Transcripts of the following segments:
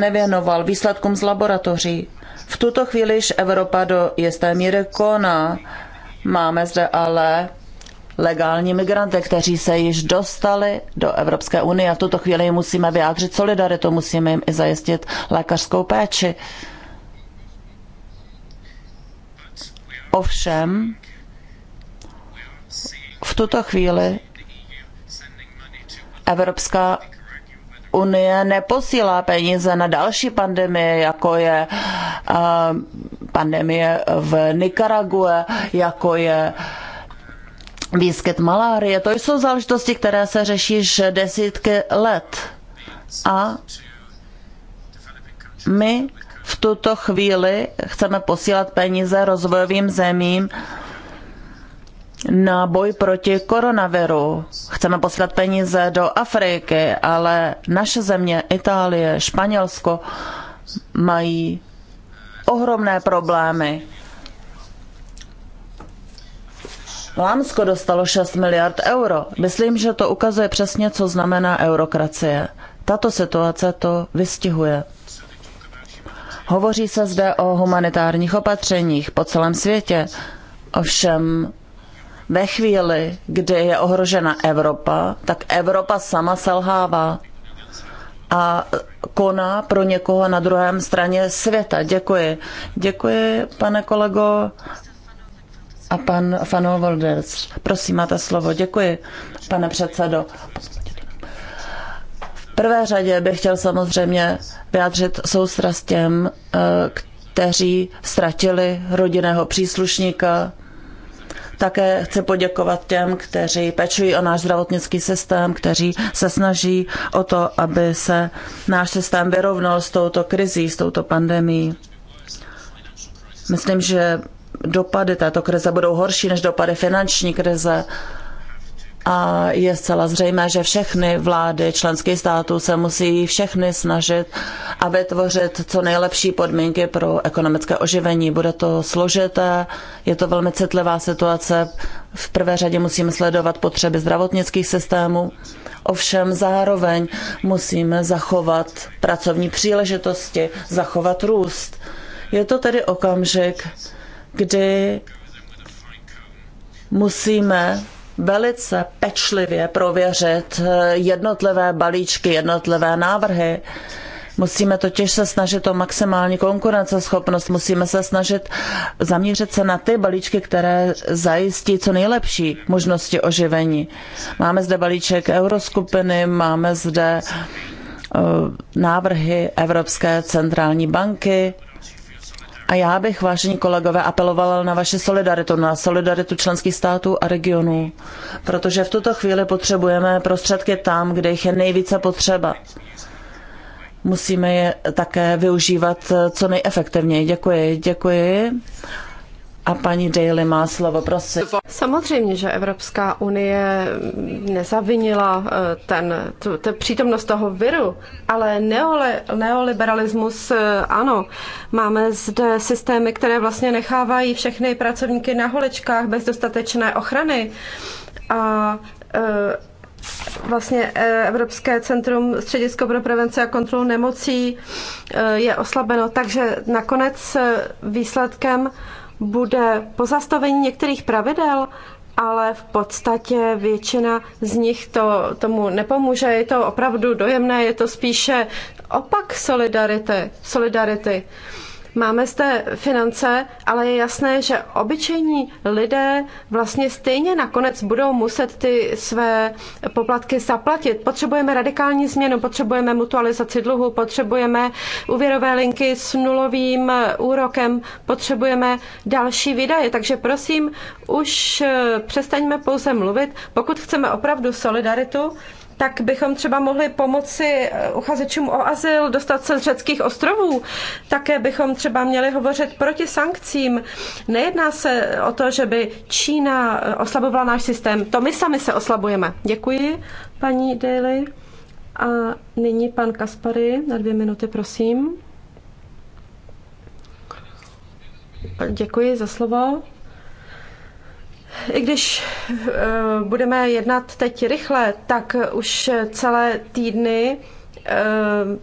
nevěnoval výsledkům z laboratoří. V tuto chvíli již Evropa do jisté míry koná. Máme zde ale legální migranty, kteří se již dostali do Evropské unie a v tuto chvíli musíme vyjádřit solidaritu, musíme jim i zajistit lékařskou péči. Ovšem, v tuto chvíli Evropská Unie neposílá peníze na další pandemie, jako je eh, pandemie v Nikarague, jako je výskyt malárie. To jsou záležitosti, které se řeší už desítky let. A my v tuto chvíli chceme posílat peníze rozvojovým zemím, na boj proti koronaviru. Chceme poslat peníze do Afriky, ale naše země, Itálie, Španělsko, mají ohromné problémy. Lámsko dostalo 6 miliard euro. Myslím, že to ukazuje přesně, co znamená eurokracie. Tato situace to vystihuje. Hovoří se zde o humanitárních opatřeních po celém světě. Ovšem ve chvíli, kdy je ohrožena Evropa, tak Evropa sama selhává a koná pro někoho na druhém straně světa. Děkuji. Děkuji, pane kolego. A pan Fanol Volders, prosím, máte slovo. Děkuji, pane předsedo. V prvé řadě bych chtěl samozřejmě vyjádřit soustrast těm, eh, kteří ztratili rodinného příslušníka, také chci poděkovat těm, kteří pečují o náš zdravotnický systém, kteří se snaží o to, aby se náš systém vyrovnal s touto krizí, s touto pandemí. Myslím, že dopady této krize budou horší než dopady finanční krize a je zcela zřejmé, že všechny vlády členských států se musí všechny snažit a vytvořit co nejlepší podmínky pro ekonomické oživení. Bude to složité, je to velmi citlivá situace. V prvé řadě musíme sledovat potřeby zdravotnických systémů, ovšem zároveň musíme zachovat pracovní příležitosti, zachovat růst. Je to tedy okamžik, kdy musíme velice pečlivě prověřit eh, jednotlivé balíčky, jednotlivé návrhy. Musíme totiž se snažit o maximální konkurenceschopnost, musíme se snažit zaměřit se na ty balíčky, které zajistí co nejlepší možnosti oživení. Máme zde balíček euroskupiny, máme zde eh, návrhy Evropské centrální banky, a já bych, vážení kolegové, apelovala na vaši solidaritu, na solidaritu členských států a regionů, protože v tuto chvíli potřebujeme prostředky tam, kde jich je nejvíce potřeba. Musíme je také využívat co nejefektivněji. Děkuji, děkuji. A paní Daly má slovo, prosím. Samozřejmě, že Evropská unie nezavinila eh, ten, tu, tu přítomnost toho viru, ale neole, neoliberalismus, eh, ano, máme zde systémy, které vlastně nechávají všechny pracovníky na holečkách bez dostatečné ochrany. A eh, vlastně Evropské centrum Středisko pro prevenci a kontrolu nemocí je oslabeno, takže nakonec výsledkem bude pozastavení některých pravidel, ale v podstatě většina z nich to tomu nepomůže. Je to opravdu dojemné, je to spíše opak solidarity. solidarity. Máme zde finance, ale je jasné, že obyčejní lidé vlastně stejně nakonec budou muset ty své poplatky zaplatit. Potřebujeme radikální změnu, potřebujeme mutualizaci dluhu, potřebujeme úvěrové linky s nulovým eh, úrokem, potřebujeme další výdaje. Takže prosím, už eh, přestaňme pouze mluvit. Pokud chceme opravdu solidaritu, tak bychom třeba mohli pomoci eh, uchazečům o azyl dostat se z řeckých ostrovů. Také bychom třeba měli hovořit proti sankcím. Nejedná se o to, že by Čína eh, oslabovala náš systém. To my sami se oslabujeme. Děkuji, paní Daly. A nyní pan Kaspary na dvě minuty, prosím. Děkuji za slovo i když eh, budeme jednat teď rychle, tak už celé týdny eh,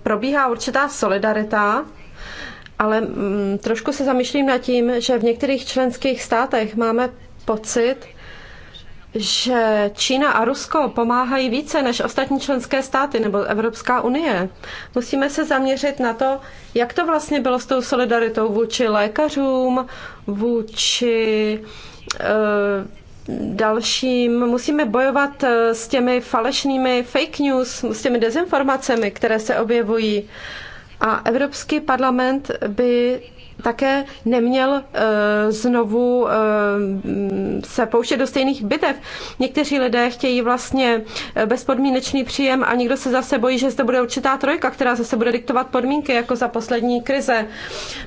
probíhá určitá solidarita, ale mm, trošku se zamýšlím nad tím, že v některých členských státech máme pocit, že Čína a Rusko pomáhají více než ostatní členské státy nebo Evropská unie. Musíme se zaměřit na to, jak to vlastně bylo s tou solidaritou vůči lékařům, vůči uh, Eh, dalším musíme bojovat eh, s těmi falešnými fake news, s těmi dezinformacemi, které se objevují. A Evropský parlament by také neměl eh, znovu eh, se pouštět do stejných bitev. Někteří lidé chtějí vlastně eh, bezpodmínečný příjem a někdo se zase bojí, že zde bude určitá trojka, která zase bude diktovat podmínky, jako za poslední krize.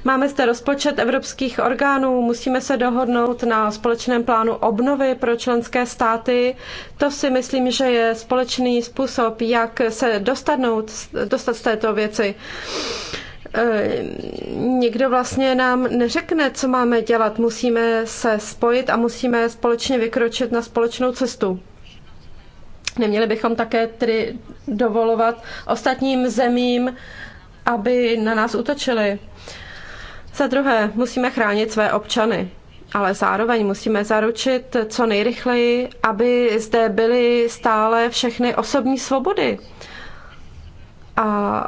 Máme zde rozpočet evropských orgánů, musíme se dohodnout na společném plánu obnovy pro členské státy. To si myslím, že je společný způsob, jak se dostat z této věci. E, nikdo vlastně nám neřekne, co máme dělat. Musíme se spojit a musíme společně vykročit na společnou cestu. Neměli bychom také tedy dovolovat ostatním zemím, aby na nás utočili. Za druhé, musíme chránit své občany, ale zároveň musíme zaručit co nejrychleji, aby zde byly stále všechny osobní svobody. A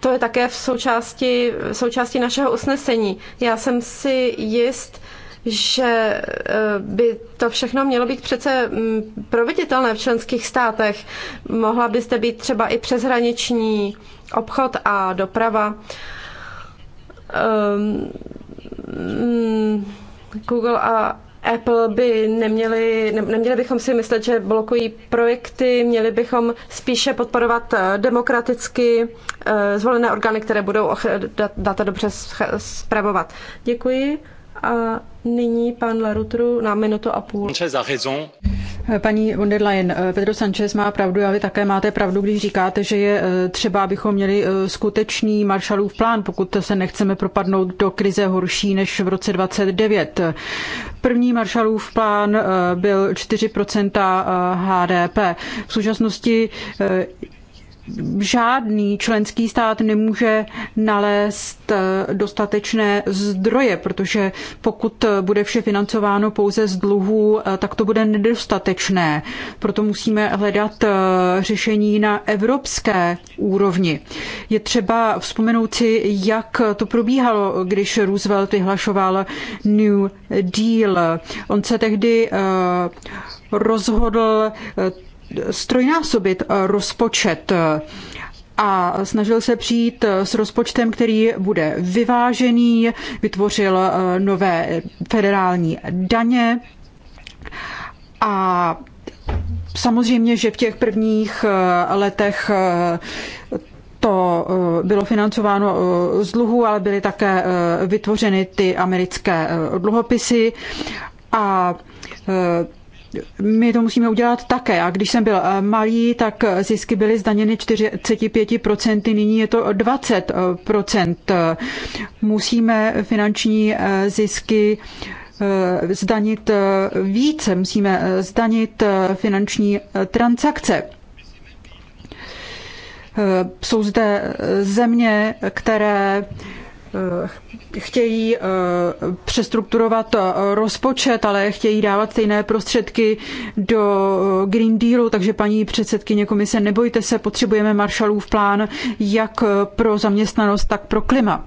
to je také v součásti, v součásti našeho usnesení. Já jsem si jist, že eh, by to všechno mělo být přece mm, proveditelné v členských státech. Mohla byste být třeba i přeshraniční obchod a doprava. Ehm, mm, Google a Apple by neměli, ne, neměli bychom si myslet, že blokují projekty, měli bychom spíše podporovat eh, demokraticky eh, zvolené orgány, které budou eh, data dobře zpravovat. Děkuji. A Nyní pan Larutru na minutu a půl. Paní von der Leyen, eh, Pedro Sanchez má pravdu a vy také máte pravdu, když říkáte, že je eh, třeba, abychom měli eh, skutečný Marshallův plán, pokud se nechceme propadnout do krize horší než v roce 29. První Marshallův plán byl 4% HDP. V současnosti žádný členský stát nemůže nalézt eh, dostatečné zdroje, protože pokud bude vše financováno pouze z dluhů, eh, tak to bude nedostatečné. Proto musíme hledat eh, řešení na evropské úrovni. Je třeba vzpomenout si, jak to probíhalo, když Roosevelt vyhlašoval New Deal. On se tehdy rozhodl strojnásobit eh, rozpočet eh, a snažil se přijít eh, s rozpočtem, který bude vyvážený, vytvořil nové federální daně a samozřejmě, že v těch prvních letech to bylo financováno z dluhu, ale byly také vytvořeny ty americké dluhopisy a my to musíme udělat také. A když jsem byl eh, malý, tak zisky byly zdaněny 45%, nyní je to 20%. Eh, musíme finanční eh, zisky zdanit více, musíme zdanit finanční transakce. Jsou zde země, které Eh, chtějí eh, přestrukturovat eh, rozpočet, ale chtějí dávat stejné prostředky do Green Dealu, takže paní předsedkyně komise, nebojte se, potřebujeme Marshallův plán jak pro zaměstnanost, tak pro klima.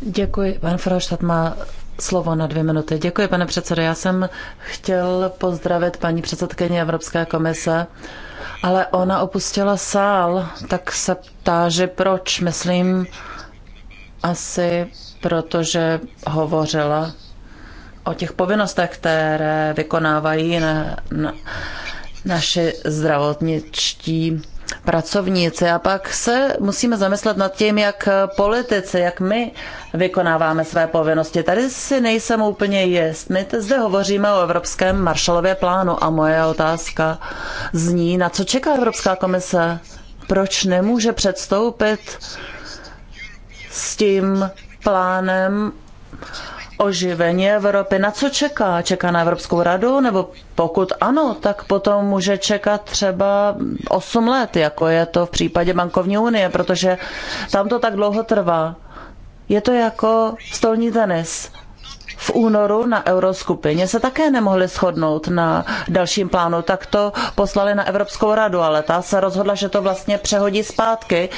Děkuji. Pan Froštat má slovo na dvě minuty. Děkuji, pane předsedo. Já jsem chtěl pozdravit paní předsedkyně Evropské komise ale ona opustila sál, tak se ptá, že proč. Myslím, asi protože hovořila o těch povinnostech, které vykonávají na, na, naši zdravotničtí pracovníci. A pak se musíme zamyslet nad tím, jak politici, jak my vykonáváme své povinnosti. Tady si nejsem úplně jist. My zde hovoříme o Evropském maršalově plánu a moje otázka zní, na co čeká Evropská komise? Proč nemůže předstoupit s tím plánem? oživení Evropy. Na co čeká? Čeká na Evropskou radu? Nebo pokud ano, tak potom může čekat třeba 8 let, jako je to v případě bankovní unie, protože tam to tak dlouho trvá. Je to jako stolní tenis. V únoru na euroskupině se také nemohli shodnout na dalším plánu, tak to poslali na Evropskou radu, ale ta se rozhodla, že to vlastně přehodí zpátky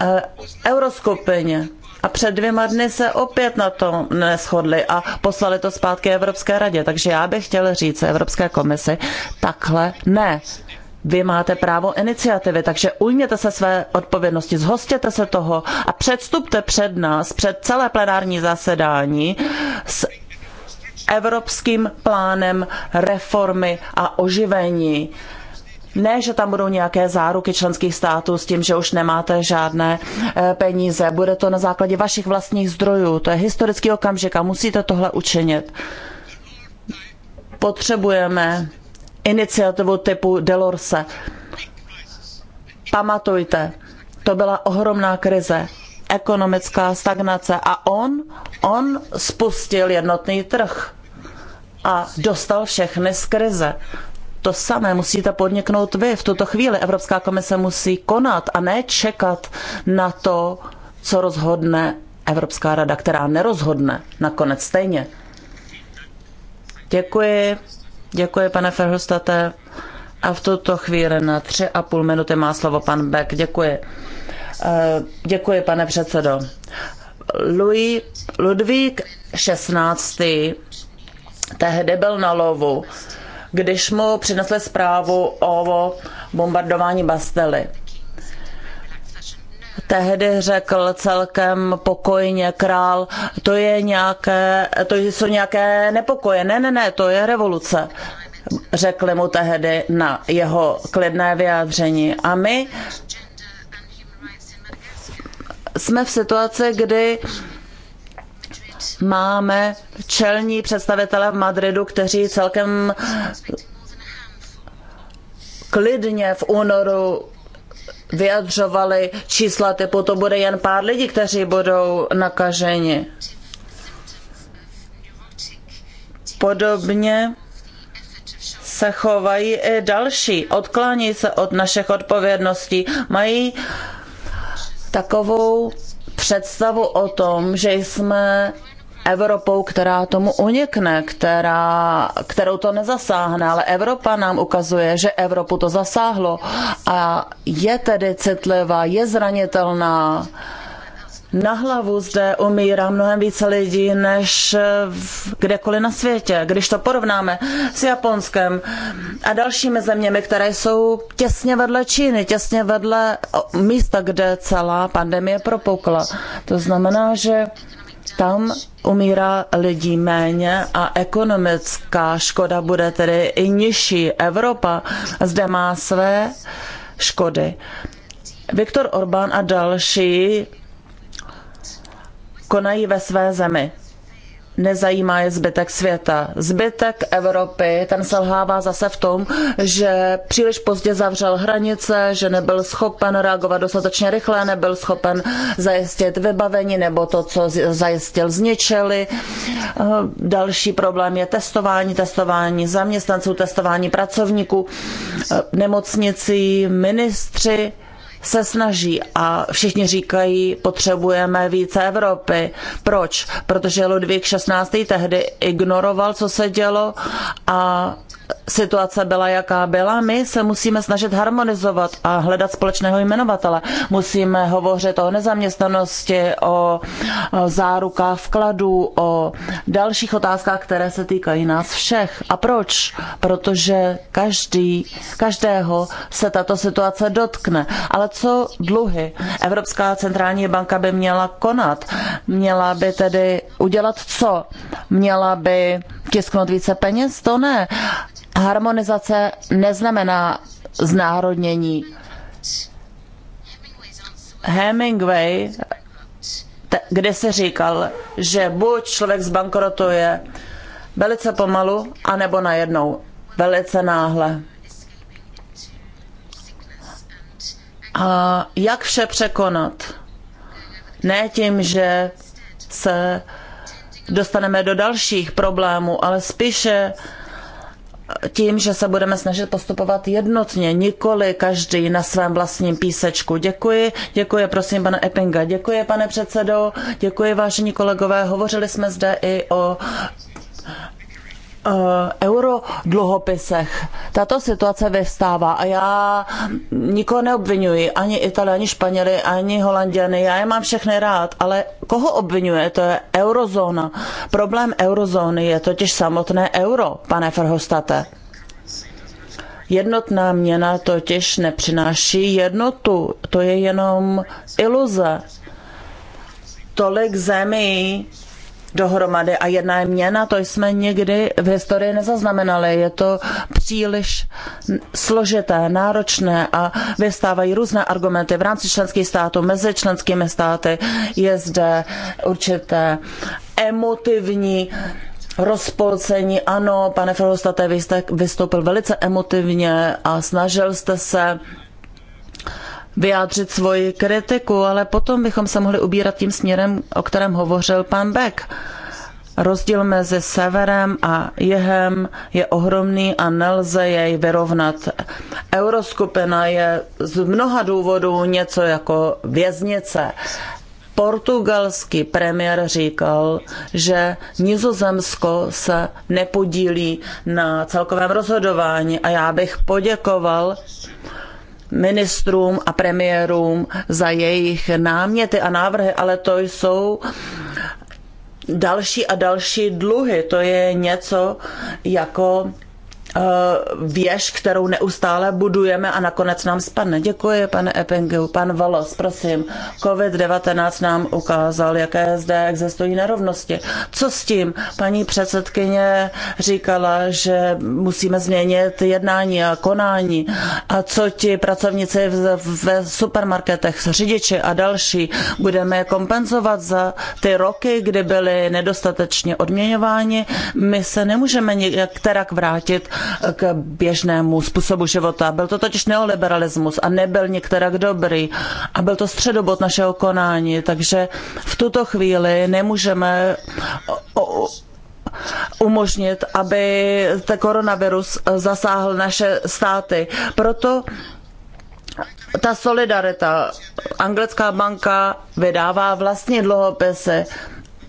eh, euroskupině a před dvěma dny se opět na tom neschodli a poslali to zpátky Evropské radě. Takže já bych chtěl říct Evropské komisi, takhle ne. Vy máte právo iniciativy, takže ujměte se své odpovědnosti, zhostěte se toho a předstupte před nás, před celé plenární zasedání s evropským plánem reformy a oživení. Ne, že tam budou nějaké záruky členských států s tím, že už nemáte žádné eh, peníze. Bude to na základě vašich vlastních zdrojů. To je historický okamžik a musíte tohle učinit. Potřebujeme iniciativu typu Delorse. Pamatujte, to byla ohromná krize ekonomická stagnace a on, on spustil jednotný trh a dostal všechny z krize. To samé musíte podniknout vy. V tuto chvíli Evropská komise musí konat a ne čekat na to, co rozhodne Evropská rada, která nerozhodne nakonec stejně. Děkuji. Děkuji, pane Ferhostate. A v tuto chvíli na tři a půl minuty má slovo pan Beck. Děkuji. Eh, děkuji, pane předsedo. Louis, Ludvík 16. tehdy byl na lovu když mu přinesli zprávu o bombardování Bastely. Tehdy řekl celkem pokojně král, to, je nějaké, to jsou nějaké nepokoje. Ne, ne, ne, to je revoluce řekli mu tehdy na jeho klidné vyjádření. A my jsme v situaci, kdy máme čelní představitele v Madridu, kteří celkem klidně v únoru vyjadřovali čísla typu, to bude jen pár lidí, kteří budou nakaženi. Podobně se chovají i další, odklání se od našich odpovědností, mají takovou představu o tom, že jsme Evropou, která tomu unikne, která, kterou to nezasáhne, ale Evropa nám ukazuje, že Evropu to zasáhlo a je tedy citlivá, je zranitelná. Na hlavu zde umírá mnohem více lidí než kdekoliv na světě. Když to porovnáme s Japonskem a dalšími zeměmi, které jsou těsně vedle Číny, těsně vedle místa, kde celá pandemie propukla. To znamená, že tam umírá lidí méně a ekonomická škoda bude tedy i nižší. Evropa zde má své škody. Viktor Orbán a další konají ve své zemi nezajímá je zbytek světa. Zbytek Evropy, ten selhává zase v tom, že příliš pozdě zavřel hranice, že nebyl schopen reagovat dostatečně rychle, nebyl schopen zajistit vybavení nebo to, co zajistil, zničili. Eh, další problém je testování, testování zaměstnanců, testování pracovníků, eh, nemocnicí, ministři se snaží a všichni říkají, potřebujeme více Evropy. Proč? Protože Ludvík 16. tehdy ignoroval, co se dělo a situace byla, jaká byla. My se musíme snažit harmonizovat a hledat společného jmenovatele. Musíme hovořit o nezaměstnanosti, o zárukách vkladů, o dalších otázkách, které se týkají nás všech. A proč? Protože každý, každého se tato situace dotkne. Ale co dluhy? Evropská centrální banka by měla konat. Měla by tedy udělat co? Měla by tisknout více peněz? To ne Harmonizace neznamená znárodnění. Hemingway kde se říkal, že buď člověk zbankrotuje velice pomalu, anebo najednou, velice náhle. A jak vše překonat? Ne tím, že se dostaneme do dalších problémů, ale spíše tím, že se budeme snažit postupovat jednotně, nikoli každý na svém vlastním písečku. Děkuji, děkuji, prosím, pane Eppinga, děkuji, pane předsedo, děkuji, vážení kolegové. Hovořili jsme zde i o Eh, euro Tato situace vyvstává a já nikoho neobvinuji, ani Italy, ani Španěly, ani Holanděny, já je mám všechny rád, ale koho obvinuje, to je eurozóna. Problém eurozóny je totiž samotné euro, pane Ferhostate. Jednotná měna totiž nepřináší jednotu, to je jenom iluze. Tolik zemí dohromady a jedna je měna, to jsme nikdy v historii nezaznamenali. Je to příliš složité, náročné a vystávají různé argumenty v rámci členských států, mezi členskými státy. Je zde určité emotivní rozpolcení. Ano, pane Ferostate, vy jste vystoupil velice emotivně a snažil jste se vyjádřit svoji kritiku, ale potom bychom se mohli ubírat tím směrem, o kterém hovořil pan Beck. Rozdíl mezi severem a jihem je ohromný a nelze jej vyrovnat. Euroskupina je z mnoha důvodů něco jako věznice. Portugalský premiér říkal, že Nizozemsko se nepodílí na celkovém rozhodování a já bych poděkoval ministrům a premiérům za jejich náměty a návrhy, ale to jsou další a další dluhy. To je něco jako Eh, věž, kterou neustále budujeme a nakonec nám spadne. Děkuji, pane Eppingu. Pan Valos, prosím. COVID-19 nám ukázal, jaké zde existují nerovnosti. Co s tím? Paní předsedkyně říkala, že musíme změnit jednání a konání. A co ti pracovníci ve supermarketech, řidiči a další, budeme kompenzovat za ty roky, kdy byli nedostatečně odměňováni. My se nemůžeme některak vrátit k běžnému způsobu života. Byl to totiž neoliberalismus a nebyl některak dobrý a byl to středobod našeho konání, takže v tuto chvíli nemůžeme umožnit, aby ten koronavirus zasáhl naše státy. Proto ta solidarita. Anglická banka vydává vlastní dluhopisy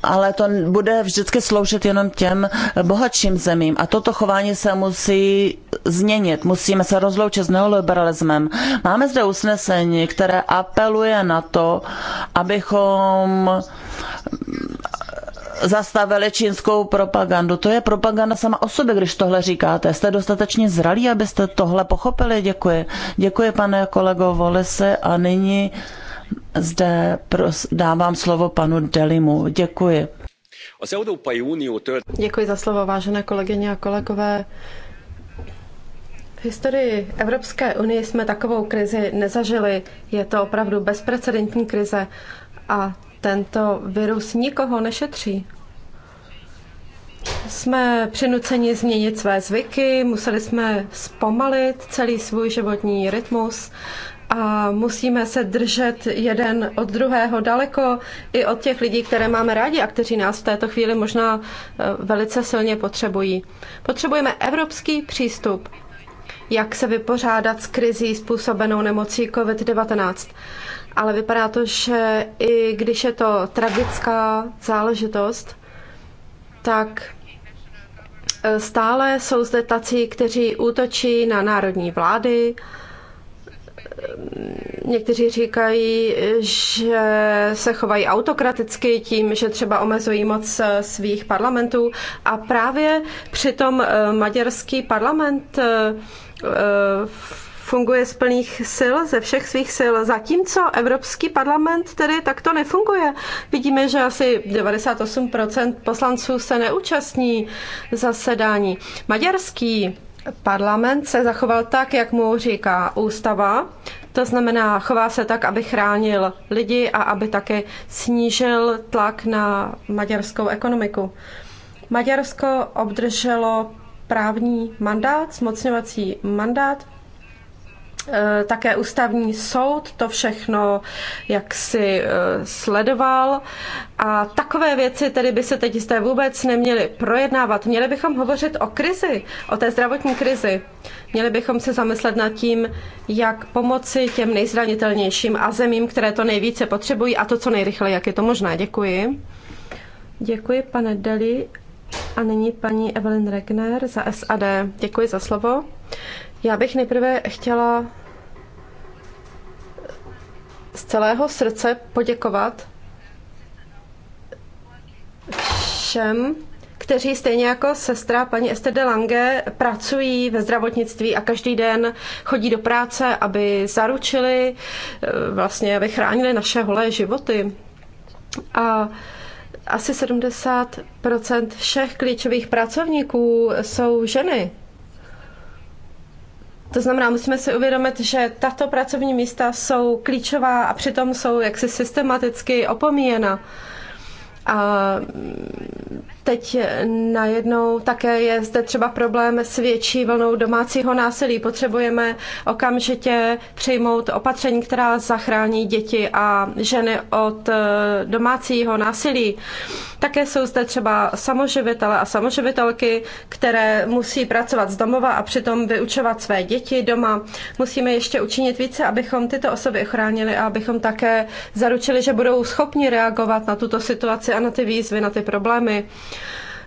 ale to bude vždycky sloužit jenom těm bohatším zemím. A toto chování se musí změnit. Musíme se rozloučit s neoliberalismem. Máme zde usnesení, které apeluje na to, abychom zastavili čínskou propagandu. To je propaganda sama o sobě, když tohle říkáte. Jste dostatečně zralí, abyste tohle pochopili. Děkuji. Děkuji, pane kolego Volese. A nyní zde dávám slovo panu Delimu. Děkuji. Děkuji za slovo, vážené kolegyně a kolegové. V historii Evropské unie jsme takovou krizi nezažili. Je to opravdu bezprecedentní krize a tento virus nikoho nešetří. Jsme přinuceni změnit své zvyky, museli jsme zpomalit celý svůj životní rytmus a musíme se držet jeden od druhého daleko i od těch lidí, které máme rádi a kteří nás v této chvíli možná e, velice silně potřebují. Potřebujeme evropský přístup, jak se vypořádat s krizí způsobenou nemocí COVID-19. Ale vypadá to, že i když je to tragická záležitost, tak e, stále jsou zde tací, kteří útočí na národní vlády, někteří říkají, že se chovají autokraticky tím, že třeba omezují moc eh, svých parlamentů a právě přitom eh, maďarský parlament eh, funguje z plných sil, ze všech svých sil, zatímco Evropský parlament tedy takto nefunguje. Vidíme, že asi 98% poslanců se neúčastní zasedání. Maďarský Parlament se zachoval tak, jak mu říká ústava, to znamená, chová se tak, aby chránil lidi a aby také snížil tlak na maďarskou ekonomiku. Maďarsko obdrželo právní mandát, zmocňovací mandát Eh, také ústavní soud to všechno jaksi eh, sledoval a takové věci tedy by se teď zde vůbec neměly projednávat. Měli bychom hovořit o krizi, o té zdravotní krizi. Měli bychom se zamyslet nad tím, jak pomoci těm nejzranitelnějším a zemím, které to nejvíce potřebují a to co nejrychleji, jak je to možné. Děkuji. Děkuji, pane Deli. A nyní paní Evelyn Regner za SAD. Děkuji za slovo. Já bych nejprve chtěla z celého srdce poděkovat všem, kteří stejně jako sestra paní Esther de Lange pracují ve zdravotnictví a každý den chodí do práce, aby zaručili, eh, vlastně, aby chránili naše holé životy. A asi 70% všech klíčových pracovníků jsou ženy. To znamená, musíme si uvědomit, že tato pracovní místa jsou klíčová a přitom jsou jaksi systematicky opomíjena. A teď najednou také je zde třeba problém s větší vlnou domácího násilí. Potřebujeme okamžitě přijmout opatření, která zachrání děti a ženy od eh, domácího násilí. Také jsou zde třeba samoživitele a samoživitelky, které musí pracovat z domova a přitom vyučovat své děti doma. Musíme ještě učinit více, abychom tyto osoby ochránili a abychom také zaručili, že budou schopni reagovat na tuto situaci a na ty výzvy, na ty problémy.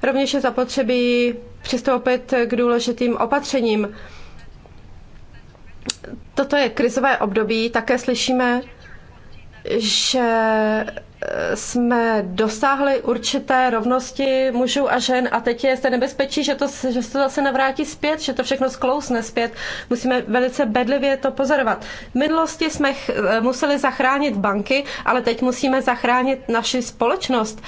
Rovněž je zapotřebí přistoupit k důležitým opatřením. Toto je krizové období, také slyšíme, že jsme dosáhli určité rovnosti mužů a žen a teď je se nebezpečí, že, to, že se to zase navrátí zpět, že to všechno sklousne zpět. Musíme velice bedlivě to pozorovat. V minulosti jsme ch- eh, museli zachránit banky, ale teď musíme zachránit naši společnost.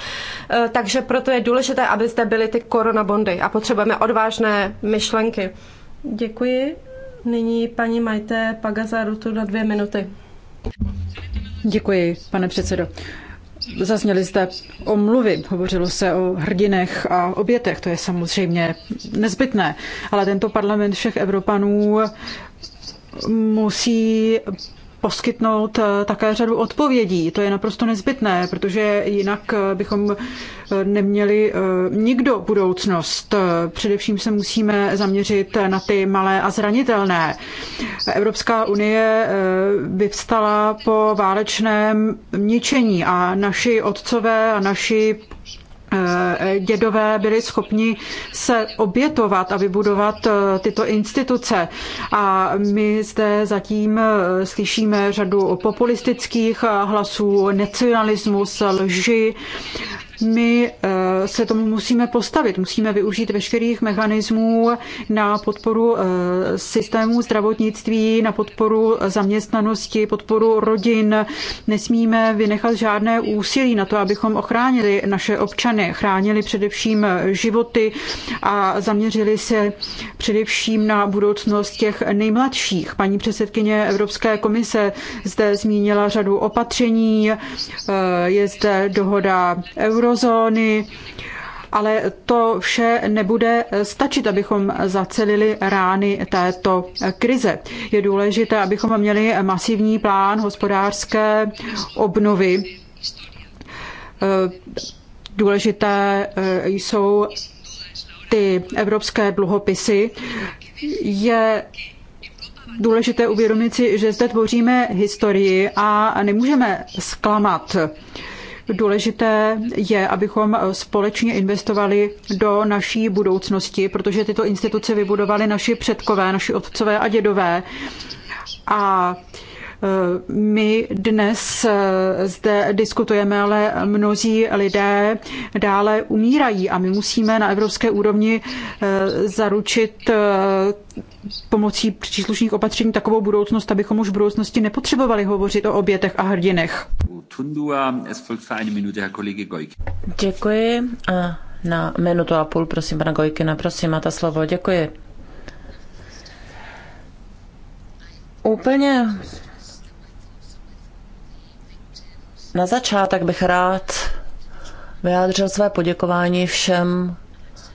Eh, takže proto je důležité, aby zde byly ty koronabondy a potřebujeme odvážné myšlenky. Děkuji. Nyní paní Majte Pagazarutu na dvě minuty. Děkuji, pane předsedo. Zazněly zde omluvy, hovořilo se o hrdinech a obětech, to je samozřejmě nezbytné, ale tento parlament všech Evropanů musí poskytnout eh, také řadu odpovědí. To je naprosto nezbytné, protože jinak eh, bychom eh, neměli nikdo budoucnost. Především se musíme zaměřit na ty malé a zranitelné. Evropská unie vyvstala po válečném ničení a naši otcové a naši Eh, dědové byli schopni se obětovat a vybudovat eh, tyto instituce. A my zde zatím eh, slyšíme řadu populistických hlasů, nacionalismus, lži my eh, se tomu musíme postavit. Musíme využít veškerých mechanismů na podporu eh, systému zdravotnictví, na podporu zaměstnanosti, podporu rodin. Nesmíme vynechat žádné úsilí na to, abychom ochránili naše občany, chránili především eh, životy a zaměřili se především na budoucnost těch nejmladších. Paní předsedkyně Evropské komise zde zmínila řadu opatření, je zde dohoda euro eurozóny, ale to vše nebude stačit, abychom zacelili rány této krize. Je důležité, abychom měli masivní plán hospodářské obnovy. Důležité eh, jsou ty evropské dluhopisy. Je důležité uvědomit si, že zde tvoříme historii a nemůžeme zklamat. Důležité je, abychom společně investovali do naší budoucnosti, protože tyto instituce vybudovali naši předkové, naši otcové a dědové. A e, my dnes e, zde diskutujeme, ale mnozí lidé dále umírají a my musíme na evropské úrovni e, zaručit pomocí příslušných opatření takovou budoucnost, abychom už v budoucnosti nepotřebovali hovořit o obětech a hrdinech. Tundua. Es folgt für eine Minute Herr Kollege Gojk. Děkuji. A na minutu a půl, prosím, pana Gojkina, prosím, máte slovo. Děkuji. Úplně na začátek bych rád vyjádřil své poděkování všem,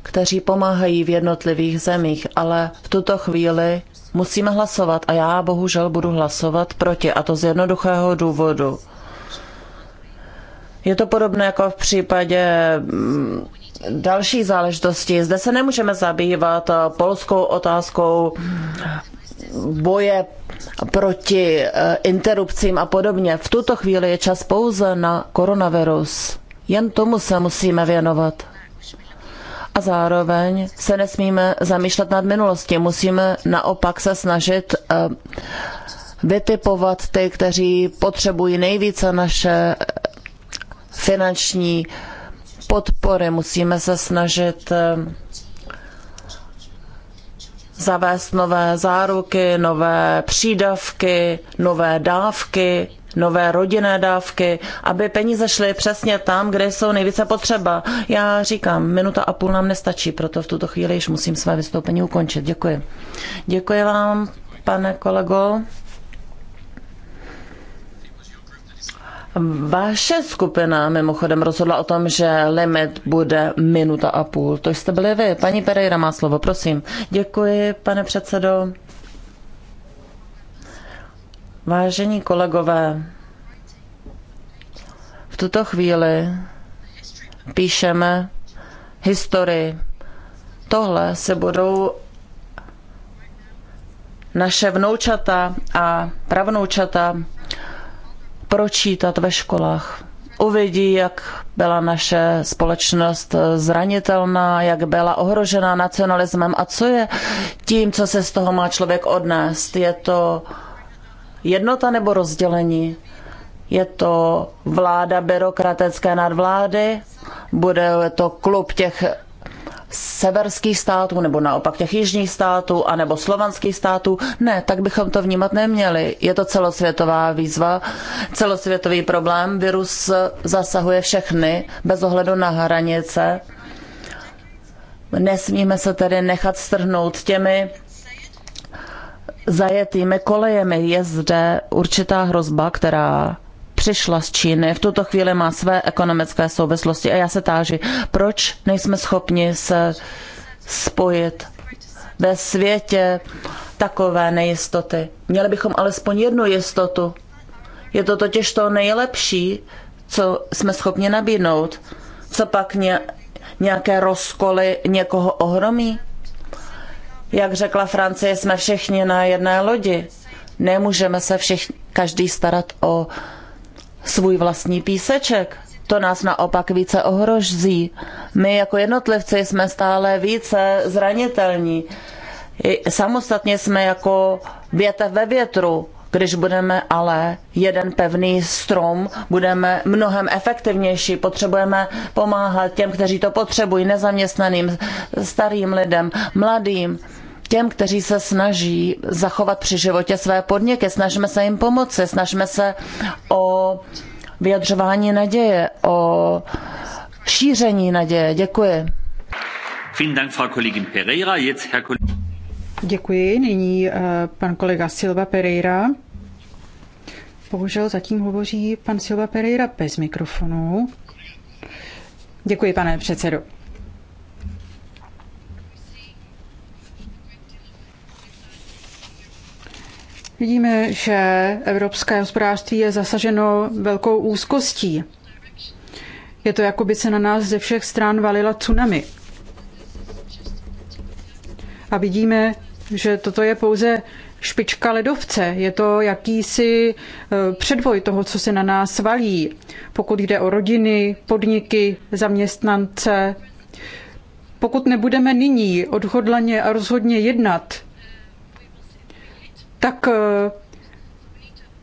kteří pomáhají v jednotlivých zemích, ale v tuto chvíli musíme hlasovat a já bohužel budu hlasovat proti a to z jednoduchého důvodu. Je to podobné jako v případě mm, další záležitosti. Zde se nemůžeme zabývat eh, polskou otázkou boje proti eh, interrupcím a podobně. V tuto chvíli je čas pouze na koronavirus. Jen tomu se musíme věnovat. A zároveň se nesmíme zamýšlet nad minulostí. Musíme naopak se snažit eh, vytipovat ty, kteří potřebují nejvíce naše finanční podpory. Musíme se snažit eh, zavést nové záruky, nové přídavky, nové dávky, nové rodinné dávky, aby peníze šly přesně tam, kde jsou nejvíce potřeba. Já říkám, minuta a půl nám nestačí, proto v tuto chvíli již musím své vystoupení ukončit. Děkuji. Děkuji vám, pane kolego. Vaše skupina mimochodem rozhodla o tom, že limit bude minuta a půl. To jste byli vy. Paní Pereira má slovo, prosím. Děkuji, pane předsedo. Vážení kolegové, v tuto chvíli píšeme historii. Tohle se budou naše vnoučata a pravnoučata pročítat ve školách. Uvidí, jak byla naše společnost zranitelná, jak byla ohrožena nacionalismem a co je tím, co se z toho má člověk odnést. Je to jednota nebo rozdělení? Je to vláda byrokratické nadvlády? Bude to klub těch severských států, nebo naopak těch jižních států, anebo slovanských států. Ne, tak bychom to vnímat neměli. Je to celosvětová výzva, celosvětový problém. Virus zasahuje všechny, bez ohledu na hranice. Nesmíme se tedy nechat strhnout těmi zajetými kolejemi. Je zde určitá hrozba, která přišla z Číny, v tuto chvíli má své ekonomické souvislosti a já se táži, proč nejsme schopni se spojit ve světě takové nejistoty. Měli bychom alespoň jednu jistotu. Je to totiž to nejlepší, co jsme schopni nabídnout. Co pak ně, nějaké rozkoly někoho ohromí? Jak řekla Francie, jsme všichni na jedné lodi. Nemůžeme se všichni, každý starat o svůj vlastní píseček. To nás naopak více ohrozí. My jako jednotlivci jsme stále více zranitelní. Samostatně jsme jako větev ve větru. Když budeme ale jeden pevný strom, budeme mnohem efektivnější. Potřebujeme pomáhat těm, kteří to potřebují, nezaměstnaným, starým lidem, mladým těm, kteří se snaží zachovat při životě své podniky. Snažíme se jim pomoci, snažíme se o vyjadřování naděje, o šíření naděje. Děkuji. Děkuji. Nyní eh, pan kolega Silva Pereira. Bohužel zatím hovoří pan Silva Pereira bez mikrofonu. Děkuji, pane předsedo. Vidíme, že evropské hospodářství je zasaženo velkou úzkostí. Je to, jako by se na nás ze všech stran valila tsunami. A vidíme, že toto je pouze špička ledovce. Je to jakýsi e, předvoj toho, co se na nás valí, pokud jde o rodiny, podniky, zaměstnance. Pokud nebudeme nyní odhodlaně a rozhodně jednat, tak eh,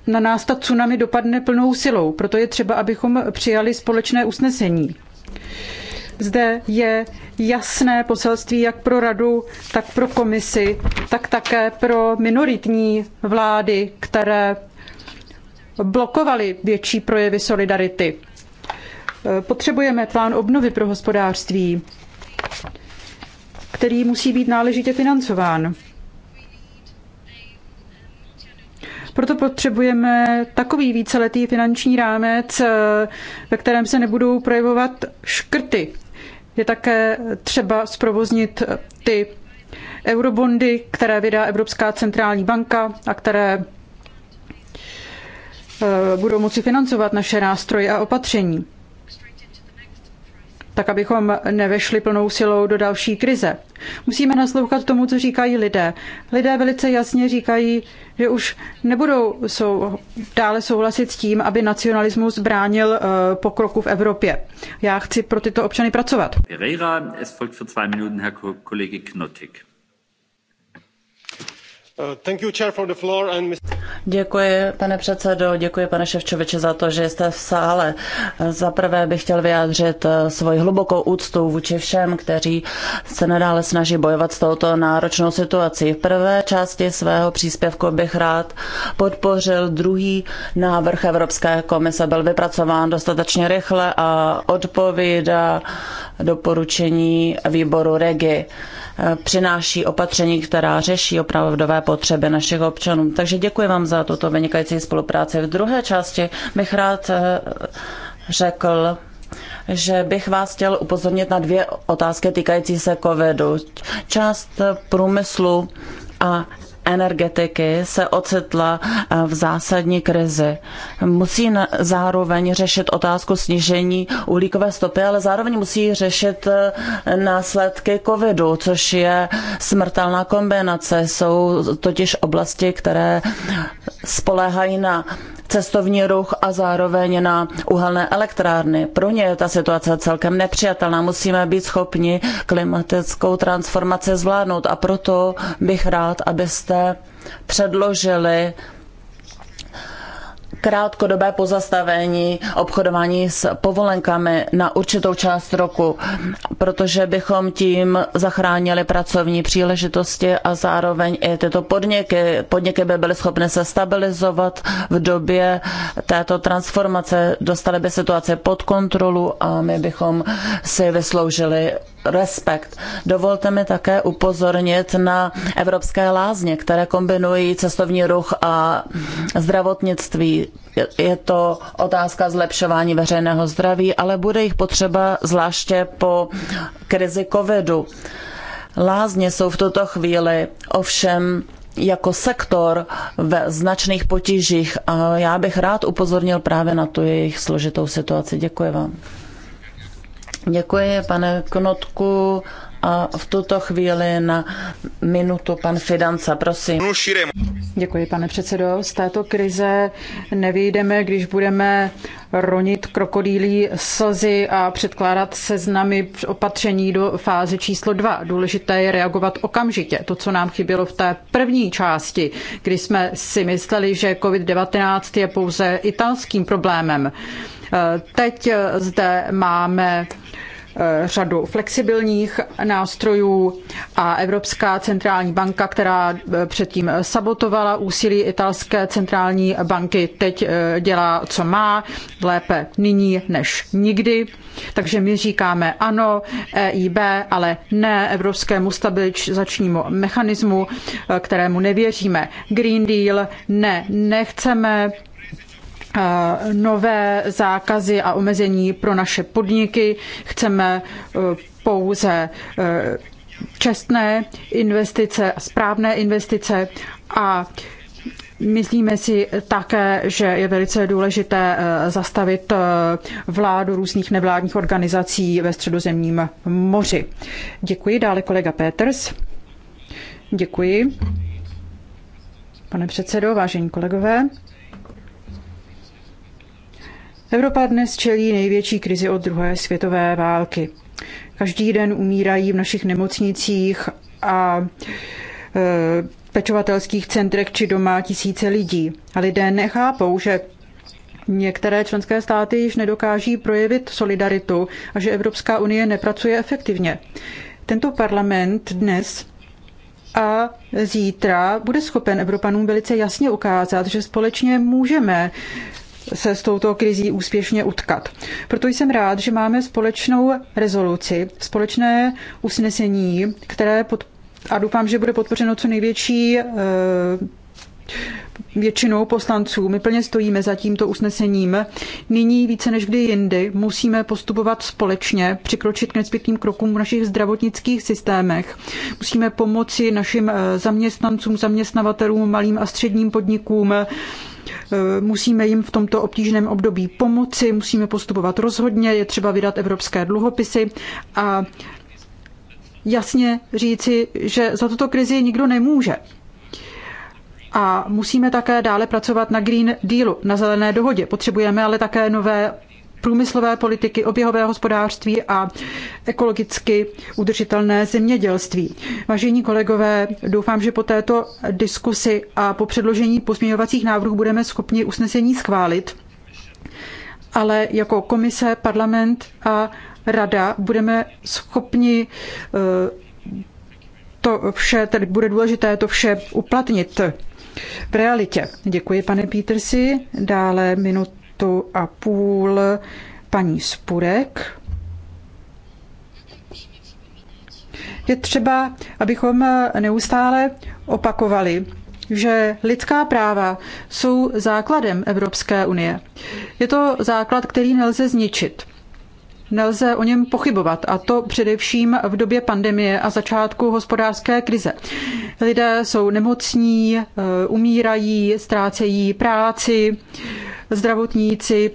na nás ta tsunami dopadne plnou silou. Proto je třeba, abychom přijali společné usnesení. Zde je jasné poselství jak pro radu, tak pro komisi, tak také pro minoritní vlády, které blokovaly větší projevy solidarity. Eh, potřebujeme plán obnovy pro hospodářství, který musí být náležitě financován. Proto potřebujeme takový víceletý finanční rámec, eh, ve kterém se nebudou projevovat škrty. Je také třeba zprovoznit eh, ty eurobondy, které vydá Evropská centrální banka a které eh, budou moci financovat naše nástroje a opatření tak abychom nevešli plnou silou do další krize. Musíme naslouchat tomu, co říkají lidé. Lidé velice jasně říkají, že už nebudou sou, dále souhlasit s tím, aby nacionalismus bránil uh, pokroku v Evropě. Já chci pro tyto občany pracovat. Pereira, es folgt für zwei Minuten Herr Kollege Knotik. Uh, thank you, Chair, for the floor and Mr. Děkuji, pane předsedo, děkuji, pane Ševčoviče, za to, že jste v sále. Za prvé bych chtěl vyjádřit eh, svoji hlubokou úctu vůči všem, kteří se nadále snaží bojovat s touto náročnou situací. V prvé části svého příspěvku bych rád podpořil druhý návrh Evropské komise. Byl vypracován dostatečně rychle a odpovídá doporučení výboru REGI. Eh, přináší opatření, která řeší opravdové potřeby našich občanů. Takže děkuji vám vám za tuto vynikající spolupráci. V druhé části bych rád eh, řekl, že bych vás chtěl upozornit na dvě otázky týkající se covidu. Část průmyslu a energetiky se ocitla eh, v zásadní krizi. Musí zároveň řešit otázku snížení uhlíkové stopy, ale zároveň musí řešit eh, následky covidu, což je smrtelná kombinace. Jsou totiž oblasti, které spoléhají na cestovní ruch a zároveň na uhelné elektrárny. Pro ně je ta situace celkem nepřijatelná. Musíme být schopni klimatickou transformaci zvládnout a proto bych rád, abyste předložili krátkodobé pozastavení obchodování s povolenkami na určitou část roku, protože bychom tím zachránili pracovní příležitosti a zároveň i tyto podniky. Podniky by byly schopny se stabilizovat v době této transformace, dostaly by situace pod kontrolu a my bychom si vysloužili respekt. Dovolte mi také upozornit na evropské lázně, které kombinují cestovní ruch a zdravotnictví. Je to otázka zlepšování veřejného zdraví, ale bude jich potřeba zvláště po krizi covidu. Lázně jsou v tuto chvíli ovšem jako sektor ve značných potížích a já bych rád upozornil právě na tu jejich složitou situaci. Děkuji vám. Děkuji, pane Knotku. A v tuto chvíli na minutu pan Fidanca, prosím. Děkuji, pane předsedo. Z této krize nevyjdeme, když budeme ronit krokodýlí slzy a předkládat seznamy opatření do fáze číslo dva. Důležité je reagovat okamžitě. To, co nám chybělo v té první části, kdy jsme si mysleli, že COVID-19 je pouze italským problémem. Teď zde máme eh, řadu flexibilních nástrojů a Evropská centrální banka, která eh, předtím sabotovala úsilí italské centrální banky, teď eh, dělá, co má, lépe nyní než nikdy. Takže my říkáme ano EIB, ale ne Evropskému stabilizačnímu mechanismu, kterému nevěříme. Green Deal ne, nechceme nové zákazy a omezení pro naše podniky. Chceme e, pouze e, čestné investice a správné investice a Myslíme si také, že je velice důležité e, zastavit vládu různých nevládních organizací ve středozemním moři. Děkuji. Dále kolega Peters. Děkuji. Pane předsedo, vážení kolegové. Evropa dnes čelí největší krizi od druhé světové války. Každý den umírají v našich nemocnicích a e, pečovatelských centrech či doma tisíce lidí. A lidé nechápou, že Některé členské státy již nedokáží projevit solidaritu a že Evropská unie nepracuje efektivně. Tento parlament dnes a zítra bude schopen Evropanům velice jasně ukázat, že společně můžeme se s touto krizí úspěšně utkat. Proto jsem rád, že máme společnou rezoluci, společné usnesení, které pod, a doufám, že bude podpořeno co největší eh, většinou poslanců. My plně stojíme za tímto usnesením. Nyní více než kdy jindy musíme postupovat společně, přikročit k nezbytným krokům v našich zdravotnických systémech. Musíme pomoci našim eh, zaměstnancům, zaměstnavatelům, malým a středním podnikům, Eh, musíme jim v tomto obtížném období pomoci, musíme postupovat rozhodně, je třeba vydat evropské dluhopisy a jasně říci, že za tuto krizi nikdo nemůže. A musíme také dále pracovat na Green Dealu, na zelené dohodě. Potřebujeme ale také nové průmyslové politiky, oběhového hospodářství a ekologicky udržitelné zemědělství. Vážení kolegové, doufám, že po této diskusi a po předložení pozměňovacích návrhů budeme schopni usnesení schválit, ale jako komise, parlament a rada budeme schopni eh, to vše, tedy bude důležité to vše uplatnit v realitě. Děkuji, pane Petersi. Dále minut a půl paní Spurek. Je třeba, abychom neustále opakovali, že lidská práva jsou základem Evropské unie. Je to základ, který nelze zničit. Nelze o něm pochybovat, a to především v době pandemie a začátku hospodářské krize. Lidé jsou nemocní, eh, umírají, ztrácejí práci, zdravotníci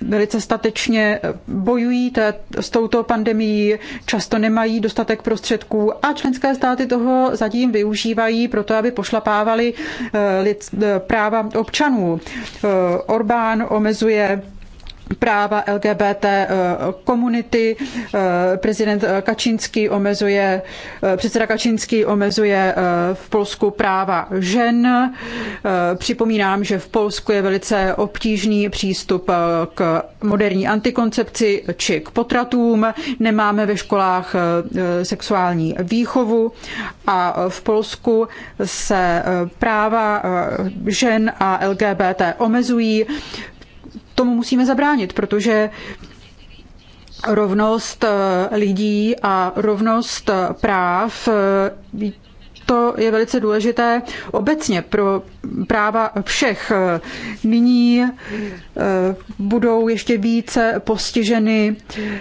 velice statečně bojují s touto pandemií, často nemají dostatek prostředků a členské státy toho zatím využívají proto, aby pošlapávali eh, eh, práva občanů. Eh, Orbán omezuje práva LGBT eh, komunity. Eh, prezident Kačínský omezuje, eh, předseda Kačínský omezuje v Polsku práva žen. Připomínám, že v Polsku je velice obtížný přístup k moderní antikoncepci či k potratům. Nemáme ve školách sexuální výchovu a v Polsku se práva žen a LGBT omezují tomu musíme zabránit, protože rovnost eh, lidí a rovnost eh, práv eh, to je velice důležité obecně pro práva všech. Nyní eh, budou ještě více postiženy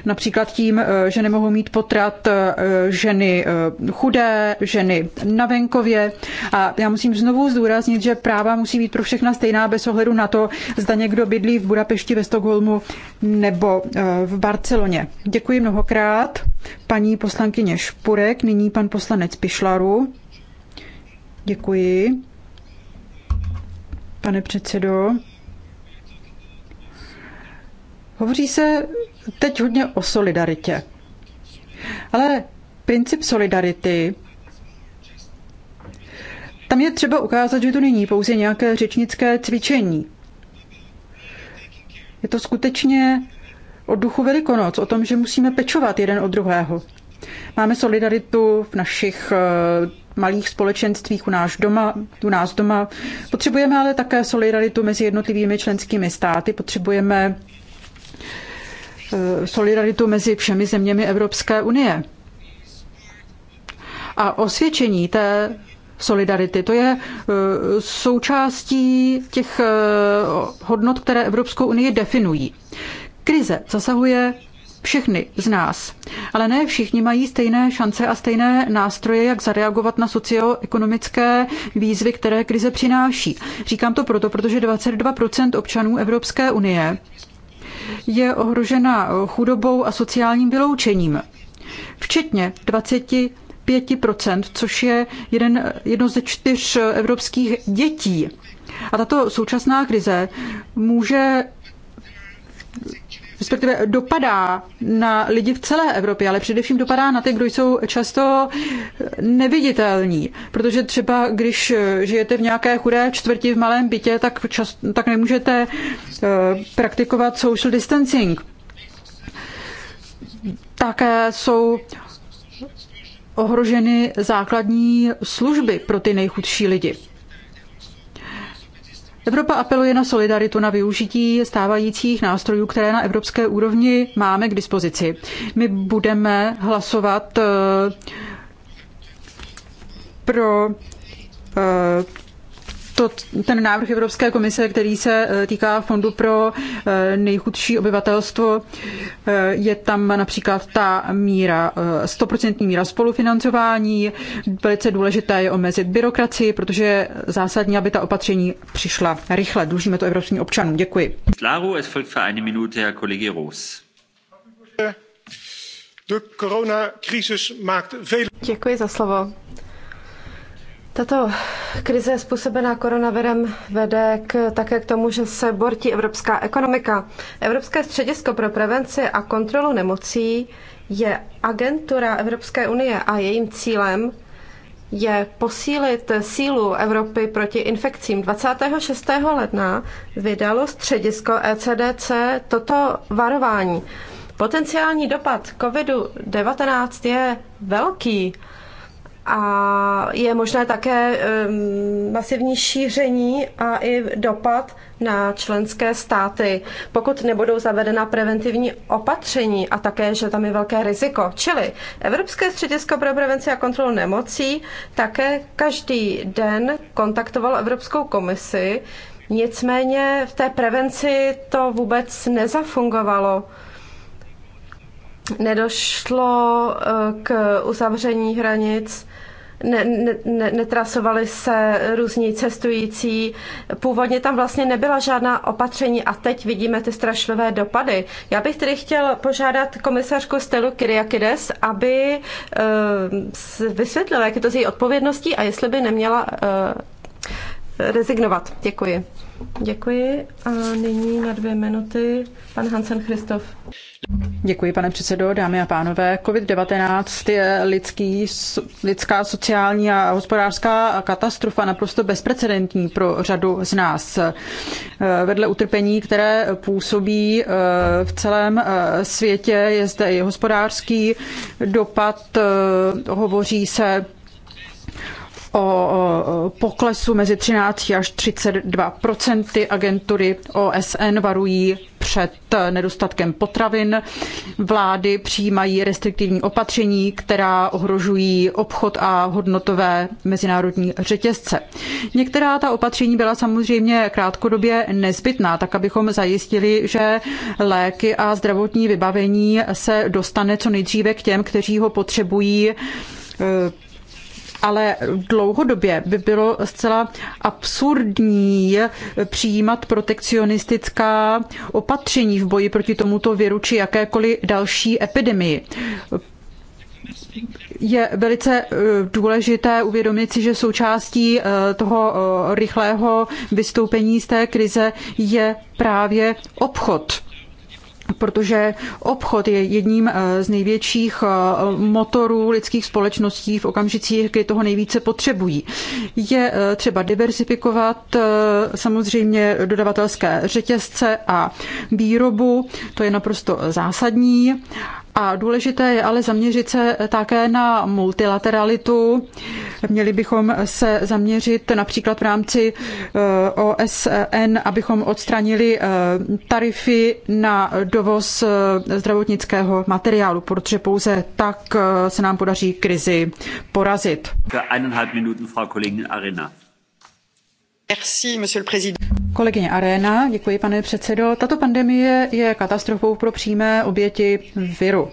například tím, eh, že nemohou mít potrat eh, ženy chudé, ženy na venkově. A já musím znovu zdůraznit, že práva musí být pro všechna stejná bez ohledu na to, zda někdo bydlí v Budapešti, ve Stockholmu nebo v Barceloně. Děkuji mnohokrát paní poslankyně Špurek, nyní pan poslanec Pišlaru. Děkuji. Pane předsedo, hovoří se teď hodně o solidaritě. Ale princip solidarity tam je třeba ukázat, že to není pouze nějaké řečnické cvičení. Je to skutečně o duchu Velikonoc, o tom, že musíme pečovat jeden od druhého. Máme solidaritu v našich eh, malých společenstvích u nás doma. U nás doma. Potřebujeme ale také solidaritu mezi jednotlivými členskými státy, potřebujeme eh, solidaritu mezi všemi zeměmi Evropské unie. A osvědčení té solidarity. To je eh, součástí těch eh, hodnot, které Evropskou unii definují. Krize zasahuje všechny z nás. Ale ne všichni mají stejné šance a stejné nástroje, jak zareagovat na socioekonomické výzvy, které krize přináší. Říkám to proto, protože 22% občanů Evropské unie je ohrožena chudobou a sociálním vyloučením. Včetně 20 5%, což je jeden, jedno ze čtyř evropských dětí. A tato současná krize může respektive dopadá na lidi v celé Evropě, ale především dopadá na ty, kdo jsou často neviditelní. Protože třeba když žijete v nějaké chudé čtvrti v malém bytě, tak, čas, tak nemůžete eh, praktikovat social distancing. Také jsou ohroženy základní služby pro ty nejchudší lidi. Evropa apeluje na solidaritu na využití stávajících nástrojů, které na evropské úrovni máme k dispozici. My budeme hlasovat eh, pro eh, to, ten návrh Evropské komise, který se e, týká Fondu pro e, nejchudší obyvatelstvo, e, je tam například ta míra, 100% míra spolufinancování. Velice důležité je omezit byrokracii, protože je zásadní, aby ta opatření přišla rychle. Dlužíme to evropským občanům. Děkuji. Claro, es folgt für eine Minute Herr Kollege Roos. Děkuji za slovo. Tato krize způsobená koronavirem vede k, také k tomu, že se bortí evropská ekonomika. Evropské středisko pro prevenci a kontrolu nemocí je agentura Evropské unie a jejím cílem je posílit sílu Evropy proti infekcím. 26. ledna vydalo středisko ECDC toto varování. Potenciální dopad COVID-19 je velký a je možné také masivní šíření a i dopad na členské státy, pokud nebudou zavedena preventivní opatření a také, že tam je velké riziko. Čili Evropské středisko pro prevenci a kontrolu nemocí také každý den kontaktovalo Evropskou komisi, nicméně v té prevenci to vůbec nezafungovalo nedošlo eh, k uzavření hranic, ne, ne, netrasovali se různí cestující. Původně tam vlastně nebyla žádná opatření a teď vidíme ty strašlivé dopady. Já bych tedy chtěl požádat komisařku Stelu Kyriakides, aby uh, vysvětlila, jak je to z její odpovědností a jestli by neměla uh, rezignovat. Děkuji. Děkuji a nyní na dvě minuty pan Hansen Christof. Děkuji, pane předsedo, dámy a pánové. COVID-19 je lidský, lidská, sociální a hospodářská katastrofa naprosto bezprecedentní pro řadu z nás. Vedle utrpení, které působí eh, v celém eh, světě, je zde i hospodářský dopad, eh, hovoří se o poklesu mezi 13 až 32 procenty. Agentury OSN varují před nedostatkem potravin. Vlády přijímají restriktivní opatření, která ohrožují obchod a hodnotové mezinárodní řetězce. Některá ta opatření byla samozřejmě krátkodobě nezbytná, tak abychom zajistili, že léky a zdravotní vybavení se dostane co nejdříve k těm, kteří ho potřebují eh, ale dlouhodobě by bylo zcela absurdní přijímat protekcionistická opatření v boji proti tomuto viru či jakékoliv další epidemii je velice eh, důležité uvědomit si, že součástí eh, toho eh, rychlého vystoupení z té krize je právě obchod protože obchod je jedním eh, z největších eh, motorů lidských společností v okamžicích, kdy toho nejvíce potřebují. Je eh, třeba diversifikovat samozřejmě dodavatelské řetězce a výrobu, to je naprosto zásadní a důležité je ale zaměřit se také na multilateralitu. Měli bychom se zaměřit například v rámci eh, OSN, abychom odstranili eh, tarify na dovoz eh, zdravotnického materiálu, protože pouze tak se nám podaří krizi porazit. Minuten, Frau Kollegin Arena. Merci, monsieur le président. Kolegyně Arena, děkuji pane předsedo. Tato pandemie je katastrofou pro přímé oběti viru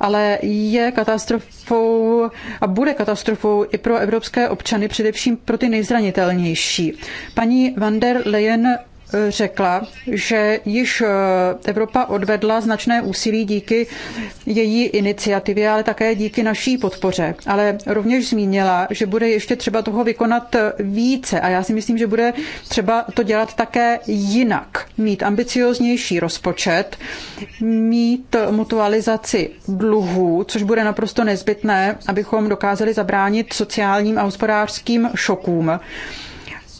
ale je katastrofou a bude katastrofou i pro evropské občany, především pro ty nejzranitelnější. Paní van der Leyen řekla, že již eh, Evropa odvedla značné úsilí díky její iniciativě, ale také díky naší podpoře. Ale rovněž zmínila, že bude ještě třeba toho vykonat více a já si myslím, že bude třeba to dělat také jinak. Mít ambicioznější rozpočet, mít mutualizaci dluhů, což bude naprosto nezbytné, abychom dokázali zabránit sociálním a hospodářským šokům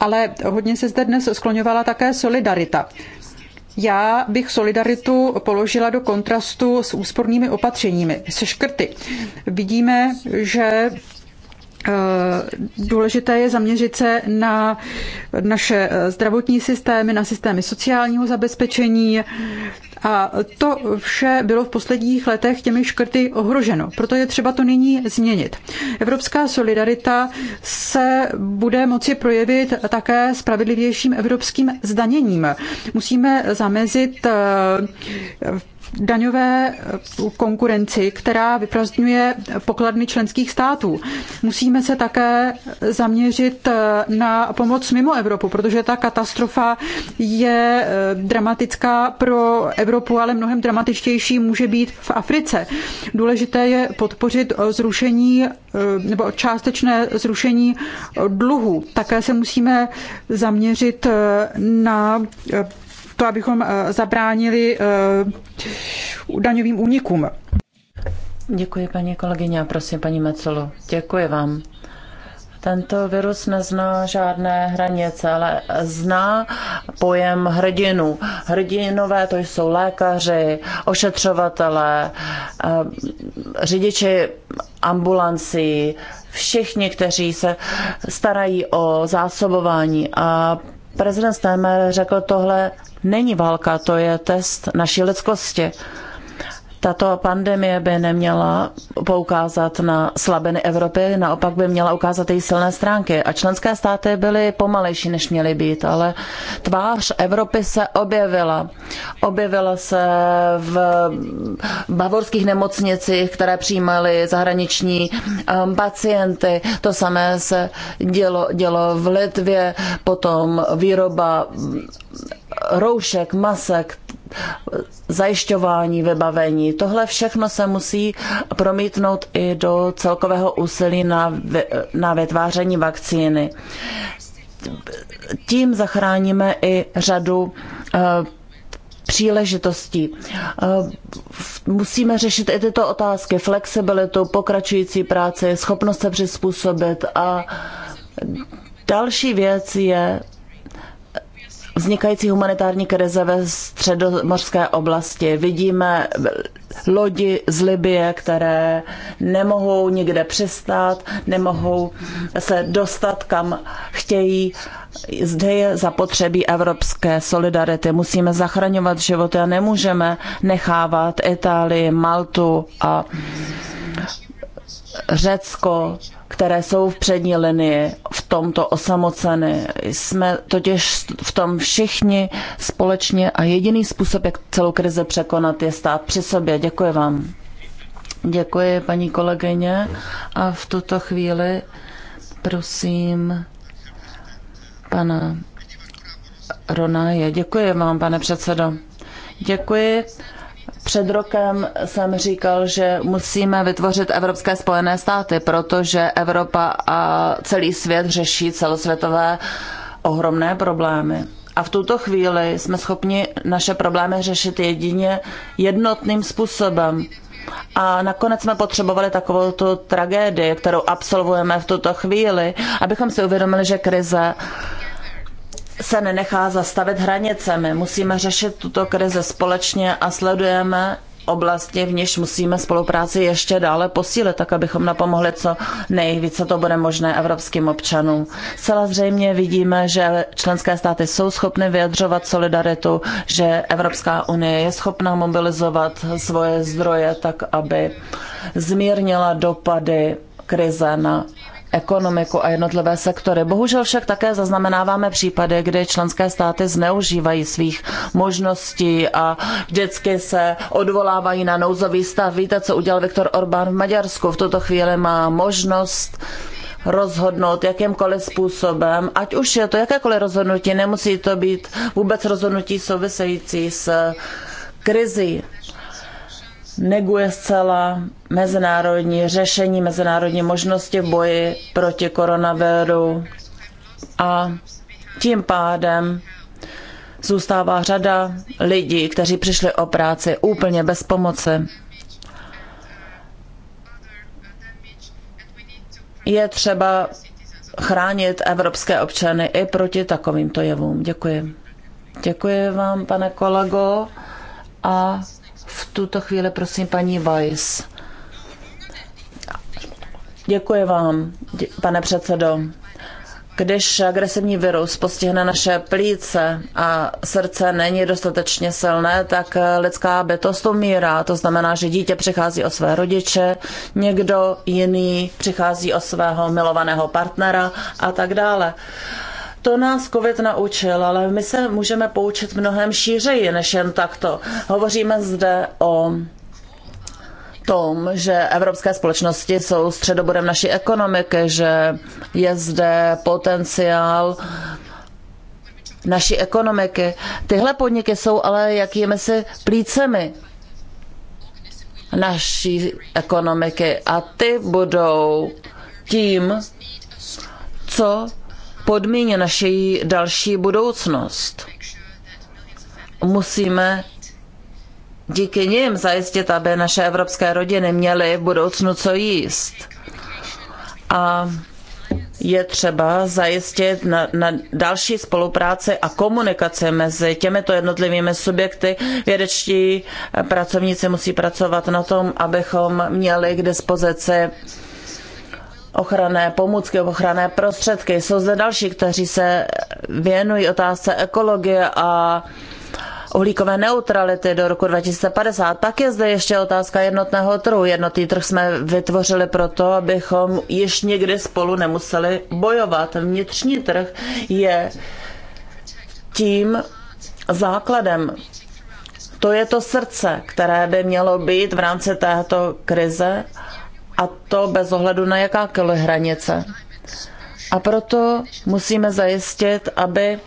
ale hodně se zde dnes skloňovala také solidarita. Já bych solidaritu položila do kontrastu s úspornými opatřeními, se škrty. Vidíme, že Eh, důležité je zaměřit se na naše eh, zdravotní systémy, na systémy sociálního zabezpečení a to vše bylo v posledních letech těmi škrty ohroženo. Proto je třeba to nyní změnit. Evropská solidarita se bude moci projevit také spravedlivějším evropským zdaněním. Musíme zamezit eh, daňové eh, konkurenci, která vyprazdňuje pokladny členských států. Musíme se také zaměřit eh, na pomoc mimo Evropu, protože ta katastrofa je eh, dramatická pro Evropu, ale mnohem dramatičtější může být v Africe. Důležité je podpořit zrušení nebo částečné zrušení dluhu. Také se musíme zaměřit na to, abychom eh, zabránili eh, daňovým únikům. Děkuji, paní kolegyně, a prosím, paní Mecolo. Děkuji vám. Tento virus nezná žádné hranice, ale zná pojem hrdinu. Hrdinové to jsou lékaři, ošetřovatelé, eh, řidiči ambulancí, všichni, kteří se starají o zásobování a Prezident Steinmeier řekl, tohle není válka, to je test naší lidskosti. Tato pandemie by neměla poukázat na slabiny Evropy, naopak by měla ukázat její silné stránky. A členské státy byly pomalejší, než měly být, ale tvář Evropy se objevila. Objevila se v bavorských nemocnicích, které přijímaly zahraniční um, pacienty. To samé se dělo, dělo v Litvě, potom výroba roušek, masek, zajišťování, vybavení. Tohle všechno se musí promítnout i do celkového úsilí na, na vytváření vakcíny. Tím zachráníme i řadu uh, příležitostí. Eh, musíme řešit i tyto otázky, flexibilitu, pokračující práci, schopnost se přizpůsobit a další věc je vznikající humanitární krize ve středomořské oblasti. Vidíme lodi z Libie, které nemohou nikde přistát, nemohou se dostat kam chtějí. Zde je zapotřebí evropské solidarity. Musíme zachraňovat životy a nemůžeme nechávat Itálii, Maltu a Řecko, které jsou v přední linii, v tomto osamoceny. Jsme totiž v tom všichni společně a jediný způsob, jak celou krizi překonat, je stát při sobě. Děkuji vám. Děkuji, paní kolegyně. A v tuto chvíli prosím pana Ronaje. Děkuji vám, pane předsedo. Děkuji. Před rokem jsem říkal, že musíme vytvořit Evropské spojené státy, protože Evropa a celý svět řeší celosvětové ohromné problémy. A v tuto chvíli jsme schopni naše problémy řešit jedině jednotným způsobem. A nakonec jsme potřebovali takovou tu tragédii, kterou absolvujeme v tuto chvíli, abychom si uvědomili, že krize se nenechá zastavit hranicemi. Musíme řešit tuto krizi společně a sledujeme oblasti, v níž musíme spolupráci ještě dále posílit, tak abychom napomohli co nejvíce to bude možné evropským občanům. Celá zřejmě vidíme, že členské státy jsou schopny vyjadřovat solidaritu, že Evropská unie je schopná mobilizovat svoje zdroje tak, aby zmírnila dopady krize na ekonomiku a jednotlivé sektory. Bohužel však také zaznamenáváme případy, kdy členské státy zneužívají svých možností a vždycky se odvolávají na nouzový stav. Víte, co udělal Viktor Orbán v Maďarsku? V tuto chvíli má možnost rozhodnout jakýmkoliv způsobem, ať už je to jakékoliv rozhodnutí, nemusí to být vůbec rozhodnutí související s krizi neguje zcela mezinárodní řešení, mezinárodní možnosti v boji proti koronaviru a tím pádem zůstává řada lidí, kteří přišli o práci úplně bez pomoci. Je třeba chránit evropské občany i proti takovýmto jevům. Děkuji. Děkuji vám, pane kolego. A tuto chvíli prosím paní Weiss. Děkuji vám, pane předsedo. Když agresivní virus postihne naše plíce a srdce není dostatečně silné, tak lidská bytost umírá. To znamená, že dítě přichází o své rodiče, někdo jiný přichází o svého milovaného partnera a tak dále. To nás COVID naučil, ale my se můžeme poučit mnohem šířeji než jen takto. Hovoříme zde o tom, že evropské společnosti jsou středobodem naší ekonomiky, že je zde potenciál naší ekonomiky. Tyhle podniky jsou ale jakými si plícemi naší ekonomiky a ty budou tím, co podmíně naší další budoucnost. Musíme díky nim zajistit, aby naše evropské rodiny měly v budoucnu co jíst. A je třeba zajistit na, na další spolupráci a komunikaci mezi těmito jednotlivými subjekty. Vědečtí pracovníci musí pracovat na tom, abychom měli k dispozici ochranné pomůcky, ochranné prostředky. Jsou zde další, kteří se věnují otázce ekologie a uhlíkové neutrality do roku 2050. Pak je zde ještě otázka jednotného trhu. Jednotný trh jsme vytvořili proto, abychom již nikdy spolu nemuseli bojovat. Vnitřní trh je tím základem. To je to srdce, které by mělo být v rámci této krize a to bez ohledu na jakákoliv hranice. A proto musíme zajistit, aby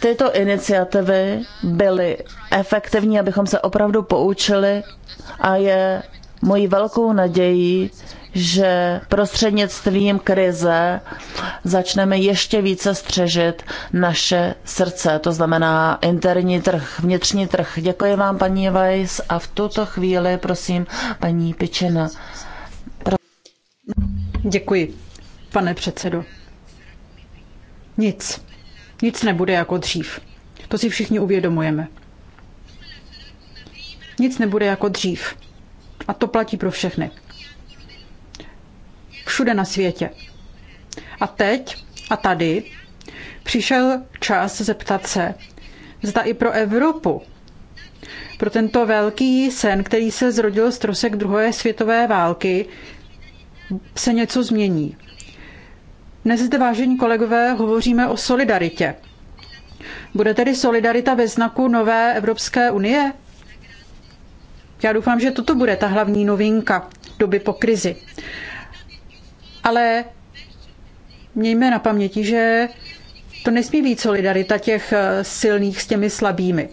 tyto iniciativy byly efektivní, abychom se opravdu poučili a je mojí velkou nadějí, že prostřednictvím krize začneme ještě více střežit naše srdce, to znamená interní trh, vnitřní trh. Děkuji vám, paní Weiss, a v tuto chvíli prosím paní Pičena. Pro... Děkuji, pane předsedo. Nic. Nic nebude jako dřív. To si všichni uvědomujeme. Nic nebude jako dřív. A to platí pro všechny všude na světě. A teď a tady přišel čas zeptat se, zda i pro Evropu, pro tento velký sen, který se zrodil z trosek druhé světové války, se něco změní. Dnes zde, vážení kolegové, hovoříme o solidaritě. Bude tedy solidarita ve znaku nové Evropské unie? Já doufám, že toto bude ta hlavní novinka doby po krizi. Ale mějme na paměti, že to nesmí být solidarita těch eh, silných s těmi slabými,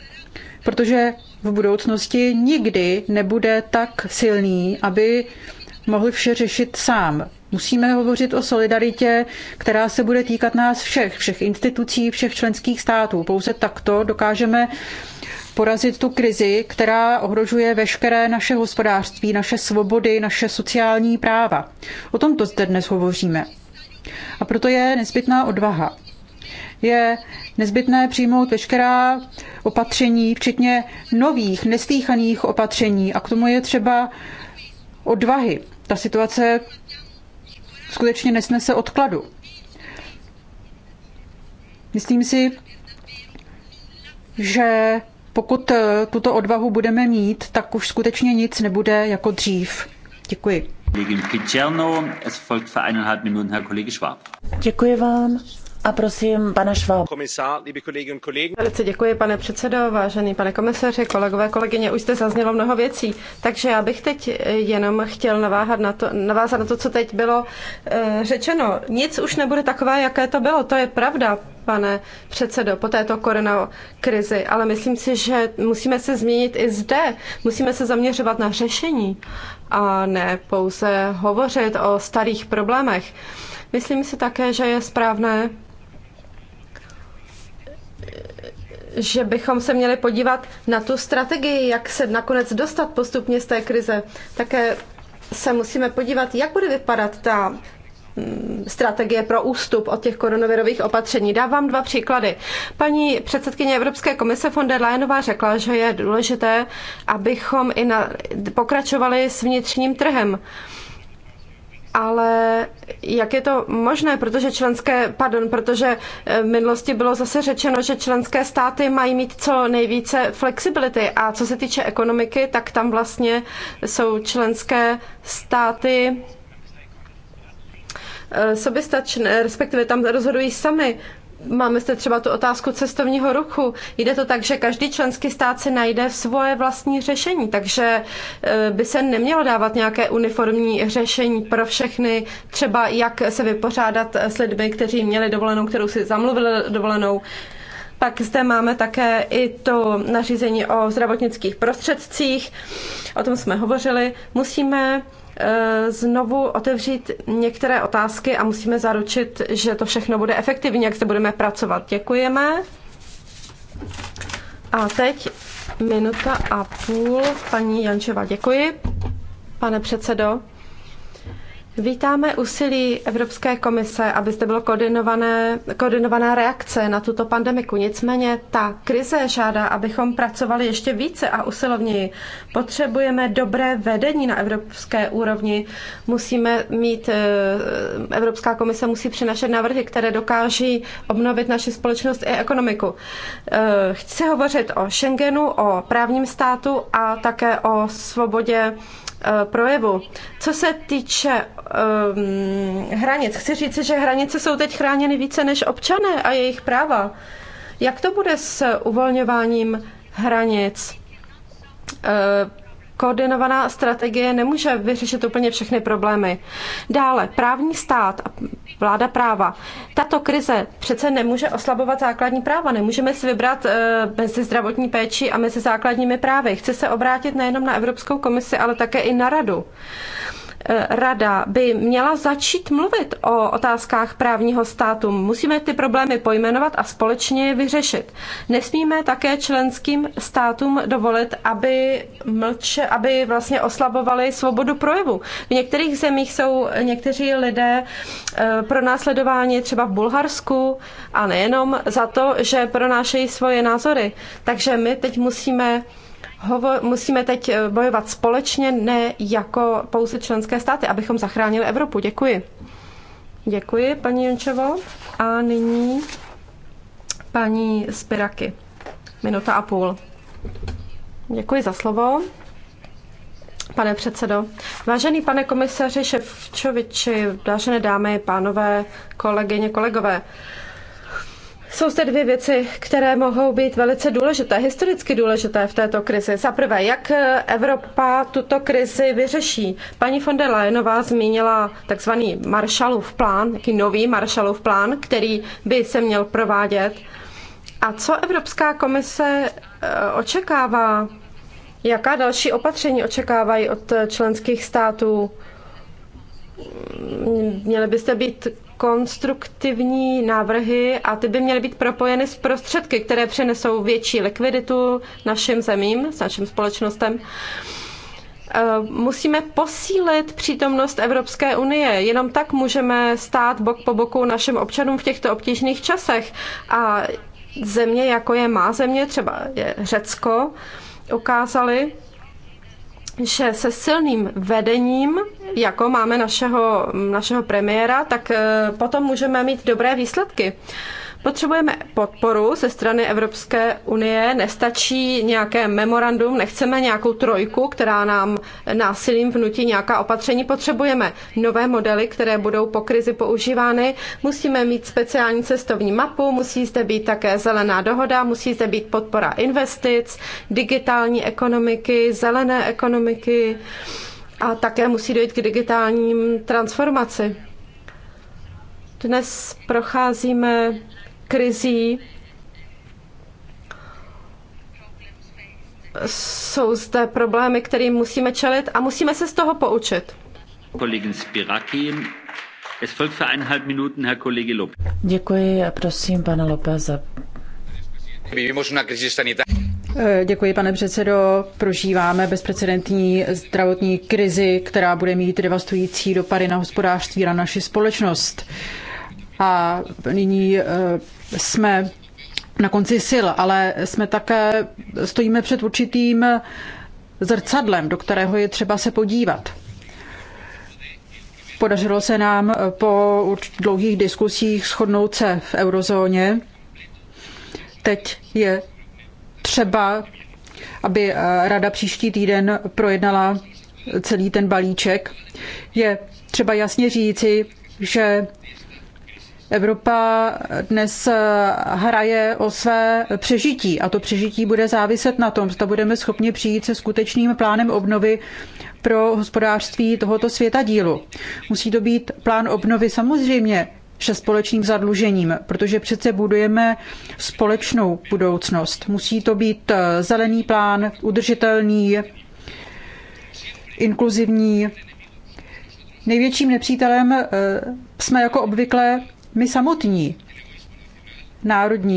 protože v budoucnosti nikdy nebude tak silný, aby mohl vše řešit sám. Musíme hovořit o solidaritě, která se bude týkat nás všech, všech institucí, všech členských států. Pouze takto dokážeme porazit tu krizi, která ohrožuje veškeré naše hospodářství, naše svobody, naše sociální práva. O tomto zde dnes hovoříme. A proto je nezbytná odvaha. Je nezbytné přijmout veškerá opatření, včetně nových, neslíchaných opatření. A k tomu je třeba odvahy. Ta situace skutečně nesnese odkladu. Myslím si, že pokud eh, tuto odvahu budeme mít, tak už skutečně nic nebude jako dřív. Děkuji. Děkuji vám. A prosím, pana Šváb. Velice děkuji, pane předsedo, vážený pane komisaři, kolegové, kolegyně, už jste zaznělo mnoho věcí, takže já bych teď jenom chtěl naváhat na to, navázat na to, co teď bylo e, řečeno. Nic už nebude takové, jaké to bylo, to je pravda, pane předsedo, po této koronakrizi, ale myslím si, že musíme se změnit i zde, musíme se zaměřovat na řešení a ne pouze hovořit o starých problémech. Myslím si také, že je správné že bychom se měli podívat na tu strategii, jak se nakonec dostat postupně z té krize. Také se musíme podívat, jak bude vypadat ta mm, strategie pro ústup od těch koronavirových opatření. Dávám dva příklady. Paní předsedkyně Evropské komise von der Leyenová řekla, že je důležité, abychom i na, pokračovali s vnitřním trhem ale jak je to možné, protože členské, pardon, protože eh, v minulosti bylo zase řečeno, že členské státy mají mít co nejvíce flexibility a co se týče ekonomiky, tak tam vlastně jsou členské státy eh, soběstačné, respektive tam rozhodují sami. Máme zde třeba tu otázku cestovního ruchu. Jde to tak, že každý členský stát si najde svoje vlastní řešení, takže e, by se nemělo dávat nějaké uniformní řešení pro všechny, třeba jak se vypořádat e, s lidmi, kteří měli dovolenou, kterou si zamluvili dovolenou. Pak zde máme také i to nařízení o zdravotnických prostředcích, o tom jsme hovořili. Musíme Eh, znovu otevřít některé otázky a musíme zaručit, že to všechno bude efektivní, jak se budeme pracovat. Děkujeme. A teď minuta a půl. Paní Jančeva, děkuji. Pane předsedo, Vítáme úsilí Evropské komise, aby zde bylo koordinované, koordinovaná reakce na tuto pandemiku. Nicméně ta krize žádá, abychom pracovali ještě více a usilovněji. Potřebujeme dobré vedení na evropské úrovni. Musíme mít, eh, Evropská komise musí přinašet návrhy, které dokáží obnovit naši společnost i ekonomiku. Eh, chci hovořit o Schengenu, o právním státu a také o svobodě eh, projevu. Co se týče um, hranic. Chci říct, že hranice jsou teď chráněny více než občané a jejich práva. Jak to bude s uvolňováním hranic? Uh, koordinovaná strategie nemůže vyřešit úplně všechny problémy. Dále, právní stát a vláda práva. Tato krize přece nemůže oslabovat základní práva. Nemůžeme si vybrat uh, mezi zdravotní péči a mezi základními právy. Chce se obrátit nejenom na Evropskou komisi, ale také i na radu. Eh, rada by měla začít mluvit o otázkách právního státu. Musíme ty problémy pojmenovat a společně je vyřešit. Nesmíme také členským státům dovolit, aby mlče, aby vlastně oslabovali svobodu projevu. V některých zemích jsou někteří lidé eh, pro následování třeba v Bulharsku a nejenom za to, že pronášejí svoje názory. Takže my teď musíme hovo- musíme teď eh, bojovat společně, ne jako pouze členské státy, abychom zachránili Evropu. Děkuji. Děkuji, paní Jončevo. A nyní paní Spiraky. Minuta a půl. Děkuji za slovo. Pane předsedo, vážený pane komisaři Ševčoviči, vážené dámy, pánové, kolegyně, kolegové, jsou zde dvě věci, které mohou být velice důležité, historicky důležité v této krizi. Za prvé, jak Evropa tuto krizi vyřeší. Paní von der Leyenová zmínila takzvaný Marshallův plán, jaký nový Marshallův plán, který by se měl provádět. A co Evropská komise eh, očekává? Jaká další opatření očekávají od členských států? Měly byste být konstruktivní návrhy a ty by měly být propojeny s prostředky, které přinesou větší likviditu našim zemím, s našim společnostem. Eh, musíme posílit přítomnost Evropské unie. Jenom tak můžeme stát bok po boku našim občanům v těchto obtížných časech. A země, jako je má země, třeba je Řecko, ukázali, že se silným vedením, jako máme našeho, našeho premiéra, tak eh, potom můžeme mít dobré výsledky. Potřebujeme podporu ze strany Evropské unie, nestačí nějaké memorandum, nechceme nějakou trojku, která nám násilím vnutí nějaká opatření. Potřebujeme nové modely, které budou po krizi používány. Musíme mít speciální cestovní mapu, musí zde být také zelená dohoda, musí zde být podpora investic, digitální ekonomiky, zelené ekonomiky a také musí dojít k digitálním transformaci. Dnes procházíme krizí. Jsou zde problémy, kterým musíme čelit a musíme se z toho poučit. Děkuji a prosím pana Lopeza. Eh, děkuji, pane předsedo. Prožíváme bezprecedentní zdravotní krizi, která bude mít devastující dopady na hospodářství a na naši společnost. A nyní eh, jsme na konci sil, ale jsme také, stojíme před určitým zrcadlem, do kterého je třeba se podívat. Podařilo se nám po dlouhých diskusích shodnout se v eurozóně. Teď je třeba, aby eh, Rada příští týden projednala celý ten balíček. Je třeba jasně říci, že Evropa dnes hraje o své přežití a to přežití bude záviset na tom, zda budeme schopni přijít se skutečným plánem obnovy pro hospodářství tohoto světa dílu. Musí to být plán obnovy samozřejmě se společným zadlužením, protože přece budujeme společnou budoucnost. Musí to být zelený plán, udržitelný, inkluzivní. Největším nepřítelem eh, jsme jako obvykle my samotní, národní